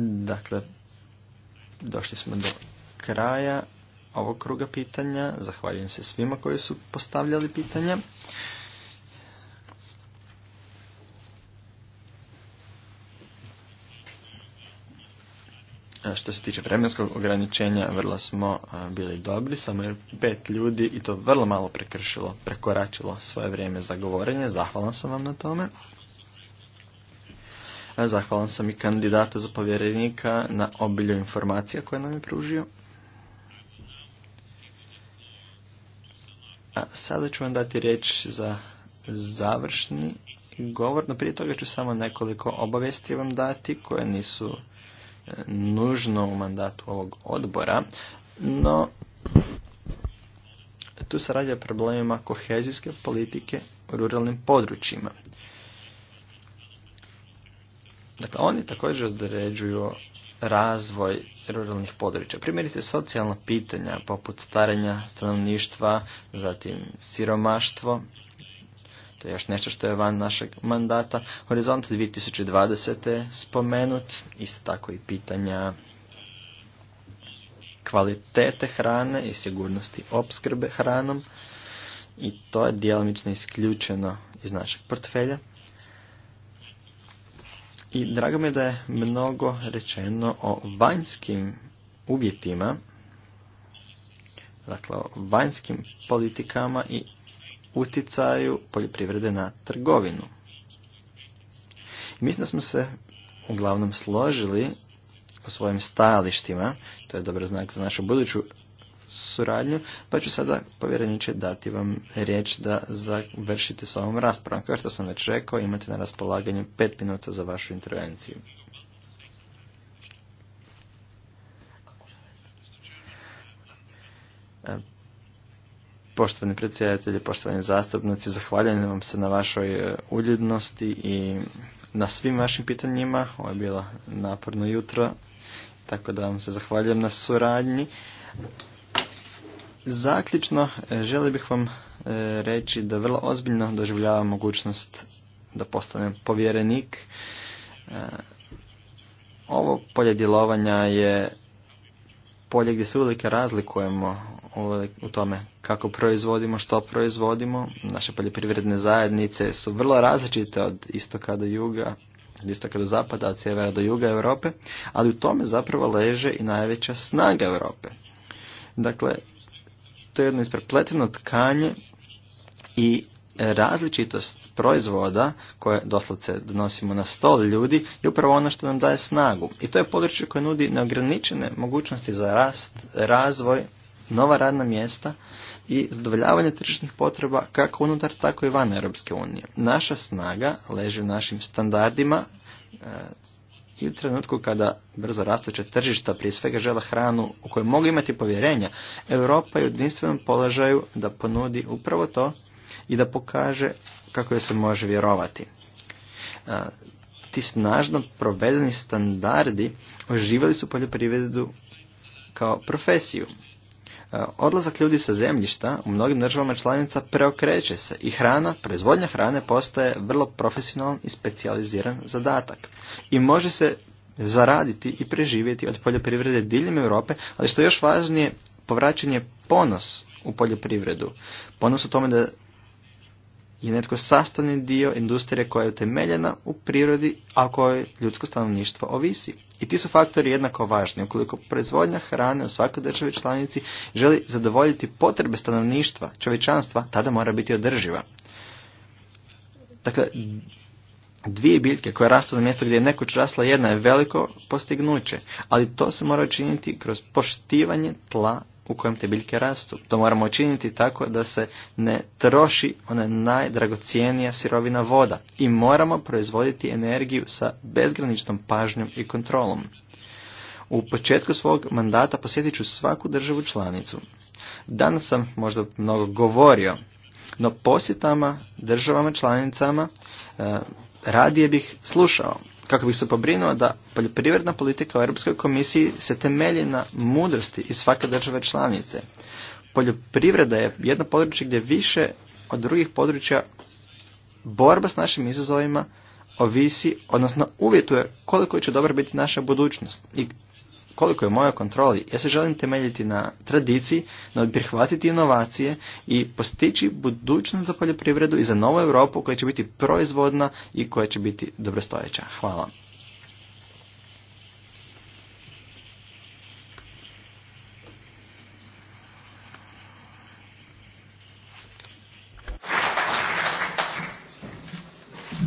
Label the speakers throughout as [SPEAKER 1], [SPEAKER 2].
[SPEAKER 1] Dakle, došli smo do kraja ovog kruga pitanja. Zahvaljujem se svima koji su postavljali pitanja. Što se tiče vremenskog ograničenja, vrlo smo bili dobri, samo je pet ljudi i to vrlo malo prekršilo, prekoračilo svoje vrijeme za govorenje. Zahvalan sam vam na tome. Zahvalan sam i kandidatu za povjerenika na obilju informacija koje nam je pružio. A sada ću vam dati riječ za završni govor, no prije toga ću samo nekoliko obavijesti vam dati koje nisu e, nužno u mandatu ovog odbora, no tu se radi o problemima kohezijske politike u ruralnim područjima. Oni također određuju razvoj ruralnih područja. Primjerite socijalna pitanja poput starenja stanovništva, zatim siromaštvo, to je još nešto što je van našeg mandata. Horizont 2020. spomenut, isto tako i pitanja kvalitete hrane i sigurnosti opskrbe hranom i to je djelomično isključeno iz našeg portfelja. I drago mi je da je mnogo rečeno o vanjskim uvjetima, dakle o vanjskim politikama i uticaju poljoprivrede na trgovinu. mislim da smo se uglavnom složili o svojim stajalištima, to je dobar znak za našu buduću suradnju, pa ću sada povjereniče dati vam riječ da završite s ovom raspravom. Kao što sam već rekao, imate na raspolaganju pet minuta za vašu intervenciju. Poštovani predsjedatelji, poštovani zastupnici, zahvaljujem vam se na vašoj e, uljudnosti i na svim vašim pitanjima. Ovo je bilo naporno jutro, tako da vam se zahvaljujem na suradnji. Zaključno, e, želio bih vam e, reći da vrlo ozbiljno doživljavam mogućnost da postanem povjerenik. E, ovo polje djelovanja je polje gdje se uvijek razlikujemo u tome kako proizvodimo, što proizvodimo. Naše poljoprivredne zajednice su vrlo različite od istoka do juga, od istoka do zapada, od sjevera do juga Europe, ali u tome zapravo leže i najveća snaga Europe. Dakle, to je jedno isprepleteno tkanje i različitost proizvoda koje doslovce donosimo na stol ljudi je upravo ono što nam daje snagu. I to je područje koje nudi neograničene mogućnosti za rast, razvoj, nova radna mjesta i zadovoljavanje tržišnih potreba kako unutar tako i van Europske unije. Naša snaga leži u našim standardima, e, i u trenutku kada brzo rastuće tržišta prije svega žele hranu u kojoj mogu imati povjerenja, Europa je u jedinstvenom položaju da ponudi upravo to i da pokaže kako je se može vjerovati. E, ti snažno provedeni standardi oživjeli su poljoprivredu kao profesiju. E, odlazak ljudi sa zemljišta u mnogim državama članica preokreće se i hrana, proizvodnja hrane postaje vrlo profesionalan i specijaliziran zadatak. I može se zaraditi i preživjeti od poljoprivrede diljem Europe, ali što je još važnije, povraćen je ponos u poljoprivredu. Ponos u tome da je netko sastavni dio industrije koja je utemeljena u prirodi, a kojoj ljudsko stanovništvo ovisi. I ti su faktori jednako važni. Ukoliko proizvodnja hrane u svakoj državi članici želi zadovoljiti potrebe stanovništva, čovječanstva, tada mora biti održiva. Dakle, dvije biljke koje rastu na mjestu gdje je nekoć rasla jedna je veliko postignuće, ali to se mora učiniti kroz poštivanje tla u kojem te biljke rastu. To moramo učiniti tako da se ne troši ona najdragocijenija sirovina voda i moramo proizvoditi energiju sa bezgraničnom pažnjom i kontrolom. U početku svog mandata posjetit ću svaku državu članicu. Danas sam možda mnogo govorio, no posjetama državama članicama eh, radije bih slušao kako bih se pobrinuo da poljoprivredna politika u Europskoj komisiji se temelji na mudrosti iz svake države članice. Poljoprivreda je jedno područje gdje više od drugih područja borba s našim izazovima ovisi, odnosno uvjetuje koliko će dobro biti naša budućnost. I koliko je moja kontroli. Ja se želim temeljiti na tradiciji, na prihvatiti inovacije i postići budućnost za poljoprivredu i za novu Europu koja će biti proizvodna i koja će biti dobrostojeća. Hvala.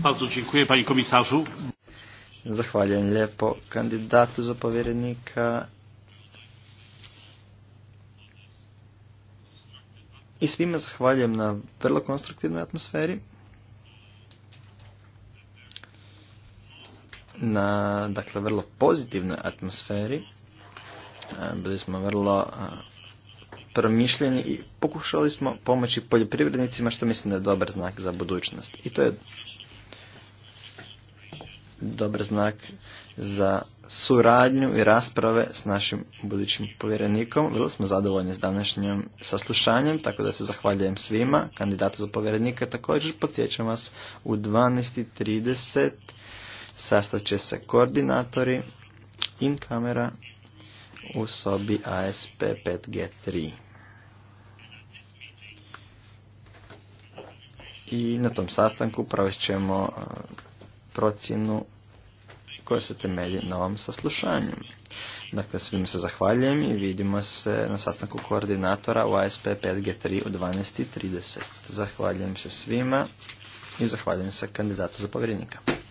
[SPEAKER 1] Bardzo dziękuję panie Zahvaljujem lijepo kandidatu za povjerenika i svima zahvaljujem na vrlo konstruktivnoj atmosferi. Na, dakle, vrlo pozitivnoj atmosferi. Bili smo vrlo promišljeni i pokušali smo pomoći poljoprivrednicima što mislim da je dobar znak za budućnost. I to je dobar znak za suradnju i rasprave s našim budućim povjerenikom. Vrlo smo zadovoljni s današnjim saslušanjem, tako da se zahvaljujem svima. Kandidatu za povjerenika također podsjećam vas u 12.30 sastat će se koordinatori in kamera u sobi ASP 5G3. I na tom sastanku provest ćemo procjenu koja se temelji na ovom saslušanju. Dakle, svim se zahvaljujem i vidimo se na sastanku koordinatora u ASP 5G3 u 12.30. Zahvaljujem se svima i zahvaljujem se kandidatu za povjerenika.